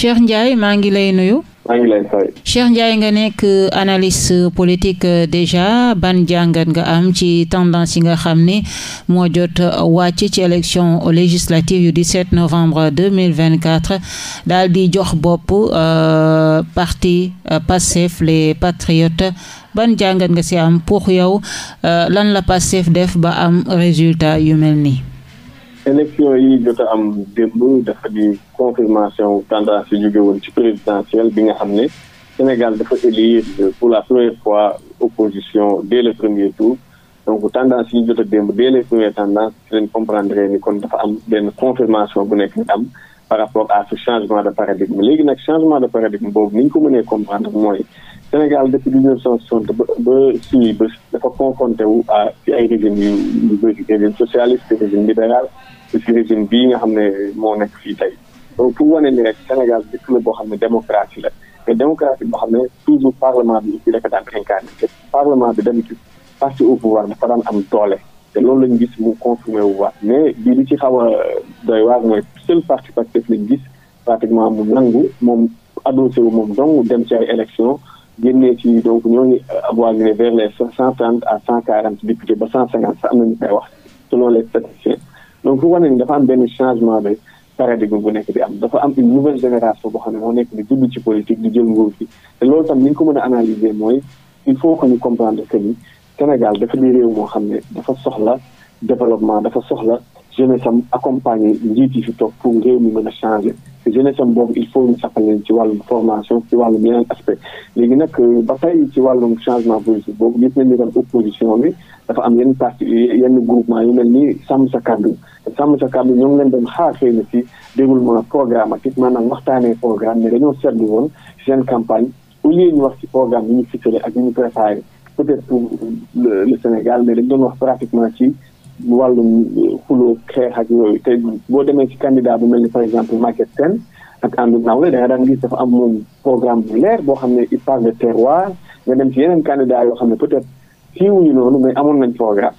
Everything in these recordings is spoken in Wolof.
Cheikh Ndiaye maa ngi lay nuyu. maa ngi Cheikh Ndiaye nga nekk analyste politique euh, déjà ban jàngat nga am ci tendance yi nga xam ni moo jot wàcc ci élection législative yu 17 novembre 2024 daal di jox bopp euh, parti euh, Pastef les patriotes ban jàngat nga si am pour yow lan la Pastef def ba am résultat yu mel nii. élection yi jot a am démb dafa di confirmation tendance yi jóge woon ci présidentielle bi nga xam ne Sénégal dafa élire pour la première fois opposition dès le premier tour donc tendance yi jot a démb dès les premières tendances comprendre ni kon dafa am benn confirmation bu nekk am par rapport à ce changement de paradigme léegi nag changement de paradigme boobu ni ñu ko mënee comprendre mooy Sénégal depuis du neuf cent soixante ba ba si ba dafa confronté wu à ci ay régime yu yu bëri régime socialiste régime libéral si nga xam ne moo nekk fii tey donc pour wane ni rek Sénégal dëkk la boo xam ne démocratie la te démocratie boo xam ne toujours parlement bi aussi dafa daan incarné te parlement bi dem ci parti au pouvoir am doole te loolu lañ gis mu confirmé wu mais bii li ci xaw a doy mooy seul parti Pastef lañ gis pratiquement mu nangu moom adossé wu moom donc dem ci ay élection génnee ci donc ñooñu avoisiné vers les cent trente à cent quarante députés ba cent cinquante am na ñu koy wax selon les statisticiens donc pour na ni dafa am benn changement de paradigme bu nekk di am dafa am une nouvelle génération boo xam ne moo nekk di dugg ci politique di jël nguur gi te loolu tam ni ñu ko mën a analyser mooy il faut que ñu comprendre que Sénégal dafa di réew moo xam ne dafa soxla développement dafa soxla jeunesse am accompagner njiit yi fi toog pour réew mi mën a changer te jeunesse boobu il faut ñu saxal ci wàllum formation ci wàllum yeneen aspect léegi nag euh, ba tey ci wàllum changement politique boobu gis nañ ni kon bi dafa am yenn parti yenn groupement yu mel ni sàmm sa kàddu te sàmm sa kàddu ñoo ngi leen doon xaar xëy na ci déroulement programmatique maanaam waxtaanee programme mais dañoo seetlu woon seen campagne au lieu ñu wax ci programme yi ñu ficelé ak yi ñu préparé peut-être pour doon wax pratiquement ci wàllum xuloo xeex ak yooyu te boo demee ci candidat bu mel ni par exemple Maguette Sène ak àndu nawle da nga daan gis dafa am moom programme bu leer boo xam ne il parle de terroir nga dem ci yeneen candidat yoo xam ne peut-être siiwuñu noonu mais amoon nañ programme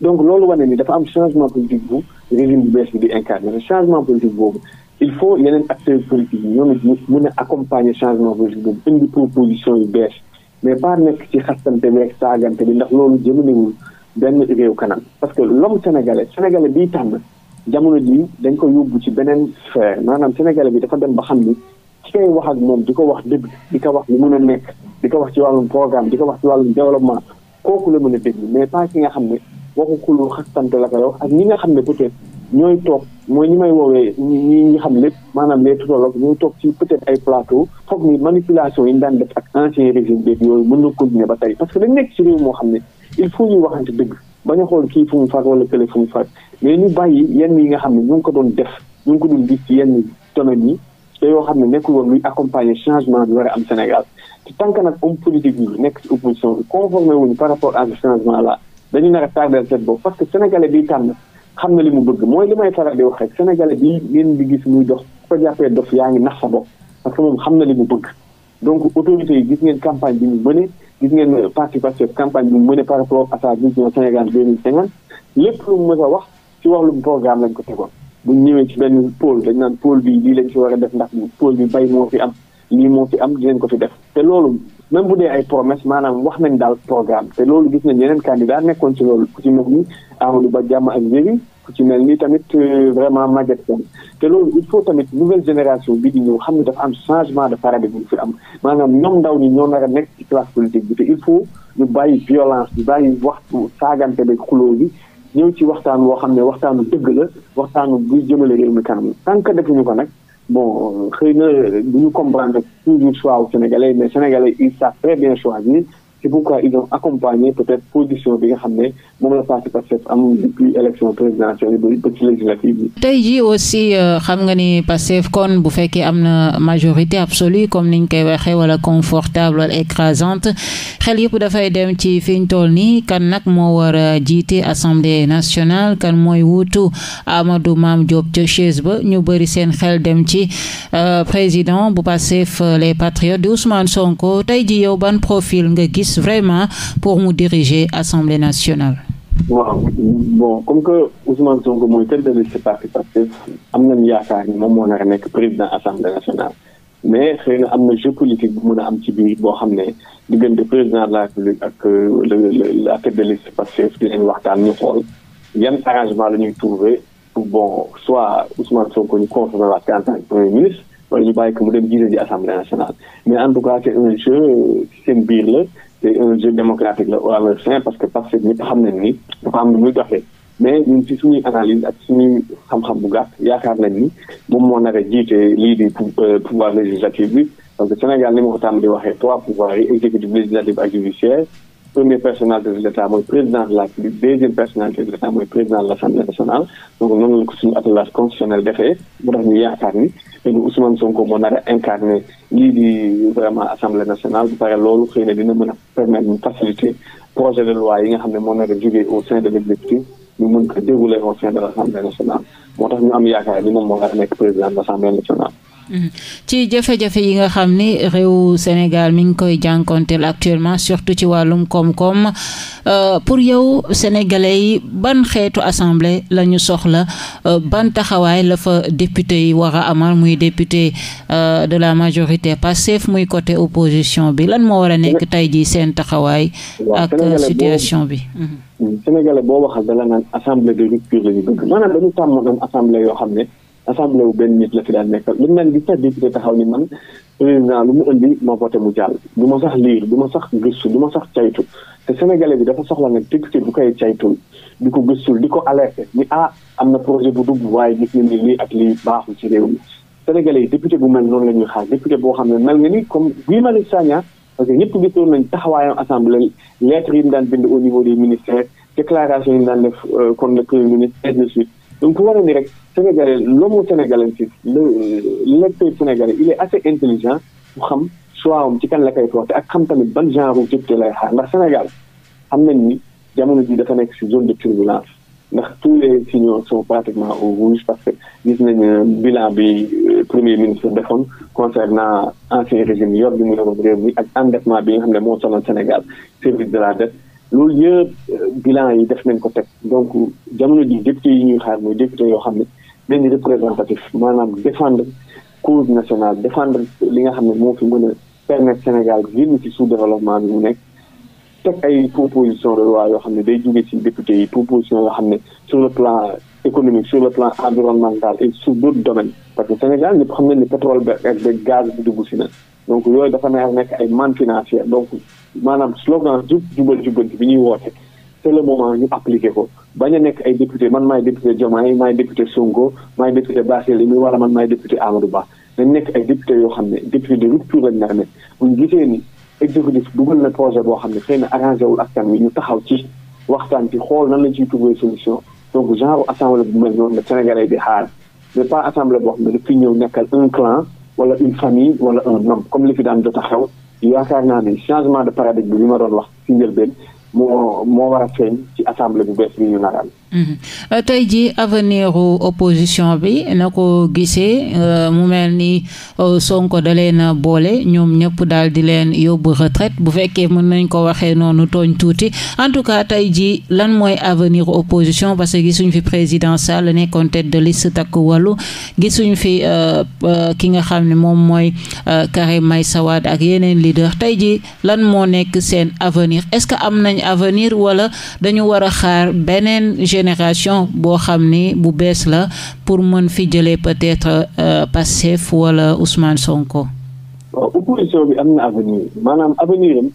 donc loolu wane ni dafa am changement politique bu régime bu bees bi di incarné changement politique boobu il faut yeneen acteurs politiques yi ñoom it ñu accompagner changement politique boobu indi proposition yu bees mais pas nekk ci xastante beeg saagante bi ndax benn réew kanam parce que l'homme sénégalais sénégalais biy tànn jamono ji dañ ko yóbbu ci beneen sphère maanaam sénégalais bi dafa dem ba xam ni ki koy wax ak moom di ko wax dëgg di ko wax lu mën a nekk di ko wax ci wàllum programme di ko wax ci wàllum développement kooku la mën a déglu mais pas ki nga xam ne waxu kulu xastante la koy wax ak ñi nga xam ne peut-être ñooy toog mooy ñu may woowee ñi ñi xam lépp maanaam les tutologues ñooy toog ci peut-être ay plateau foog ni manipulation yi ñu daan def ak ancien régime que nekk ci réew moo xam ne il faut ñu waxante dëgg bañ a xool kii fu mu faat wala kële fu mu faat mais ñu bàyyi yenn yi nga xam ne ñu ko doon def ñu ko doon gis ci yenn domaines yi te yoo xam ne nekkul woon luy accompagner changement bi a am Sénégal te tant que nag homme politique yi nekk ci opposition bi conformé wuñu par rapport à ce changement là dañu nar a tardel set boobu parce que sénégalais bi tànn xam na li mu bëgg mooy li may faral di wax rek sénégalais bi ngeen di gis muy dox ko jàppee dof yaa ngi nax sa bopp parce que moom xam na li gis ngeen campagne bi ñu gis ngeen parti Pastef campagne bi mu ne par rapport à sa vision Sénégal 2050 lépp lu mu mës a wax ci wàllum programme lañ ko tegoon bu ñëwee ci benn pôle dañ naan pôle bi lii lañ ci war a def ndax pôle bi bay moo fi am lii moo fi am dinañ ko fi def te loolu même bu dee ay promesse maanaam wax nañ daal programme te loolu gis nañ yeneen candidat nekkoon ci loolu ku ci mel ni Amadou Ba jàmm ak njëriñ ci mel ni tamit euh, vraiment Maguette Sène te loolu il faut tamit nouvelle génération bi di ñëw xam ne dafa am changement de bu fi am maanaam ñoom ndaw ñi ñoom nar a nekk ci classe politique bi te il faut ñu bàyyi violence bi bàyyi waxtu saagante bi xuloo bi ñëw ci waxtaan woo xam ne waxtaanu dëgg la waxtaanu bu jëmale réew mi kanam tant que defuñu ko nag bon xëy na bu ñu comprendre toujours choix wu Sénégalais mais Sénégalais ils savent très bien c'est pourquoi ils ont accompagné peut-être bi nga xam ne moom la parti Pastef am depuis élection présidentielle bi ba tey jii aussi euh, xam nga ni Pastef kon bu fekkee am na majorité absolue comme niñ koy waxee wala confortable wala écrasante xel yëpp dafay dem ci fiñ ñu toll nii kan nag moo war jiite assemblée nationale kan mooy wutu Amadou Mame Diop ca chaise ba ñu bari seen xel dem ci euh, président bu Pastef euh, les patriotes di Ousmane Sonko tey jii yow ban puisse vraiment pour mu diriger Assemblée nationale. waaw bon comme que Ousmane Sonko mooy tête de liste parti Pastef am nañu yaakaar ni moom moo nar a nekk président assemblée nationale mais xëy na am na jeu politique bu mën a am ci biir boo xam ne diggante président de la République ak euh, la tête de liste Pastef dinañ waxtaan ñu xool yan arrangement la ñuy trouver pour bon soit Ousmane Sonko ñu confirmé waat en tant que premier ministre wala ñu bàyyi ko mu dem jiite ji assemblée nationale mais en tout cas c'est un jeu euh, seen biir la. c'est un jeu démocratique la à leur parce que parce que ñëpp xam nañ ni dafa am lu muy doxee mais ni ci suñuy analyse ak suñuy xam-xam bu gàtt yaakaar nañ ni moom moo nar a lii di euh, pouvoir législatif bi que Sénégal ni ma ko tàmm di waxee trois pouvoirs yi exécutif ak judiciaire première personnalité de l'État mooy président de la République deuxième personnalité de l'État mooy président de l'Assemblée nationale donc noonu la ko suñu appellage constitutionnel defee mu tax ñu yaakaar ni te Sonko moo nar a incarné lii vraiment Assemblée nationale bu pare loolu xëy na dina mën a permettre ñu faciliter projet de loi yi nga xam ne moo nar a jógee au sein de l'exécutif ñu mën ko dérouler au sein de l'Assemblée nationale moo tax ñu am yaakaar ni moom moo nar a ci jafe-jafe yi nga xam ni réew Sénégal mi ngi koy jànkonteel actuellement surtout ci wàllum koom-koom euh, pour yow sénégalais yi ban xeetu assemblée la ñu soxla euh, ban taxawaay lafa fa député yi war a amal muy député euh, de la majorité Pastef muy côté opposition bi lan moo war nekk tey jii seen taxawaay ak situation bi mhm. assemblée wu benn nit la fi daan nekkal lu mel ni sax député taxaw ni man président lu mu indi ma voté mu jàll du ma sax liir du ma sax gistu du ma sax caytu te sénégalais bi dafa soxla nag député bu koy caytul di ko gëstul di ko alerté ni ah am na projet bu dugg waaye gis nañ ni lii at lii baaxul ci réew mi sénégalais yi député bu mel noonu la ñuy xaar député boo xam ne mel nga ni comme Guy Marius parce que ñëpp gisoon nañ taxawaayam assemblée lettres yi mu daan bind au niveau des ministères déclaration yi mu daan kon euh, le premier ministre donc pour wane ni rek sénégalais l'homme sénégalais ci l'électeur sénégalais il est assez intelligent bu xam choix am ci kan la koy porté ak xam tamit ban genre député lay xaar ndax Sénégal xam nañ ni jamono ji dafa nekk ci zone de turbulence ndax tous les signaux sont pratiquement au rouge parce que gis nañ euh, bilan bi euh, premier ministre defoon concernant ancien régime yor bi mu yoroon réew mi ak endettement bi nga xam ne moo sonal Sénégal service de la dette loolu yëpp euh, bilan yi def nañ ko teg donc jamono ji député yi ñuy xaar mooy député yoo xam ne dañuy représentatif maanaam défendre cause nationale défendre li nga xam ne moo fi mën a permettre Sénégal génn ci sous-développement bi mu nekk teg ay proposition de loi yo xam ne day jóge ci député yi proposition yoo xam ne sur le plan économique sur le plan environnemental et sur d'autres domaines parce que Sénégal ñëpp xam nañ ne pétrole ba ak gaz bi dugg si na donc yooyu dafa nekk ay manne financière donc maanaam slogan jub jubal jubanti bi ñuy woote c'est le moment ñu appliqué ko bañ a nekk ay député man maay député Diomaye maay député Sonko maay député Barthélémy wala man maay député Amadou Ba dañ nekk ay député yoo xam ne député de rupture lañ naa ne buñ gisee ni exécutif dugal na projet boo xam ne xëy na arrangé wul askan wi ñu taxaw ci waxtaan ci xool nan lañ ciy trouver solution donc genre assemblée bu mel noonu la Sénégalais di xaar mais pas assemblée boo xam ne daf ñëw nekkal un clan wala une famille wala un comme li fi daan jot a xew yaakaar naa ne changement de paradigme bi ma doon wax ci njëlbeen moo moo war a feeñ ci assemblée bu bees bi ñu naral Mhm. Euh, tey jii avenir opposition bi na ko gisee euh, mu mel ni euh, Sonko da leen a boole ñoom ñëpp daal di leen yóbbu retraite bu fekkee mën nañ ko waxee noonu tooñ tuuti en tout cas tey jii lan mooy avenir opposition parce que gisuñ fi président Sall nekkoon tête de liste takk wàllu gisuñ fi ki nga xam ne moom mooy Karim may sawaat ak yeneen leader tey jii lan moo nekk seen avenir est-ce que am nañ avenir wala dañu war xaar beneen. génération boo xam ni bu bees la pour mën fi jëlee peut-être euh, Pastef wala Ousmane Sonko. waaw opposition bi am na avenir maanaam avenir am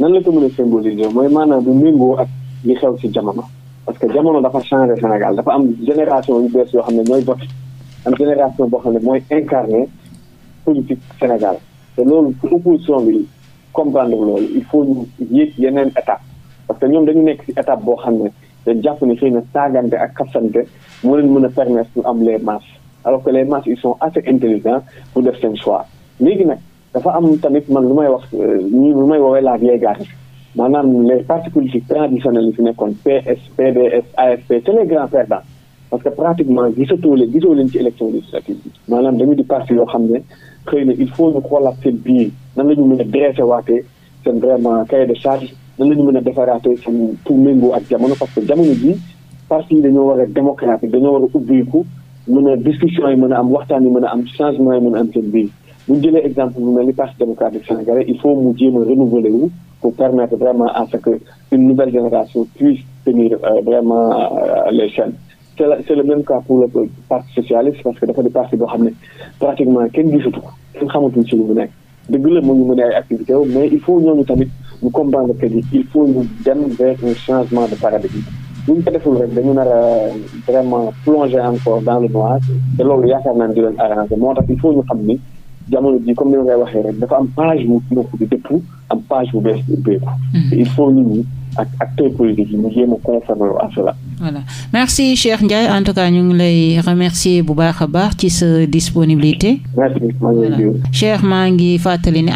nan la ko mën a symboliser mooy maanaam bu méngoo ak li xew ci jamono parce que jamono dafa changé Sénégal dafa am génération yu bees yoo xam ne mooy voté am génération boo xam ne mooy incarné politique Sénégal te loolu pour opposition bi comprendre loolu il faut ñu yéeg yeneen étape parce que ñoom dañu nekk ci étape boo xam ne dañ jàpp ne xëy na saagante ak kafsante moo leen mën a permettre ñu am les masses alors que les masses ils sont assez intelligents pour def seen choix léegi nag dafa am tamit man lu may wax ñi euh, may woowee la vieille garde maanaam les partis politiques traditionnels yi fi nekkoon PS PDS AFP c'est les grands perdants parce que pratiquement gisatoo leen gisoo leen ci élection législative bi maanaam dañu di parti yoo xam ne xëy na il faut ñu xoolaat seen biir nan la ñu mën a waatee seen vraiment cahier de nan la ñu mën a defaraatee seen pour méngoo ak jamono parce que jamono ji parti yi dañoo war a démocratique dañoo war a mën a discussion yi mën a am waxtaan yi mën a am changement yi mën a am seen biir bu ñu jëlee exemple bu mel ni parti démocratique sénégalais il faut mu jéem a renouveler wu pour permettre vraiment à ce que une nouvelle génération puisse tenir euh, vraiment euh, les chaînes c'est la c'est le même cas socialiste parce que dafa di parti boo xam ne pratiquement kenn gisatu ko kenn mu nekk dëgg la mu ngi mën ñooñu tamit ñu comprendre que ni il faut ñu dem vers un changement de paradigme bu ñu ko deful rek dañu nar a vraiment plonger encore dans le noir te loolu yaakaar naa ne di leen arranger moo tax il faut ñu xam ni jamono ji comme ni ma koy waxee rek dafa am page bu noppi di dëpp am page bu bees di ubbeeku. Mhm. il faut nit ñi ak acteurs politiques yi ñu jéem a conformer à cela. voilà merci Cheikh Ndiaye en tout cas ñu ngi lay remercier bu baax a baax ci sa disponibilité. merci maa ngi fàttali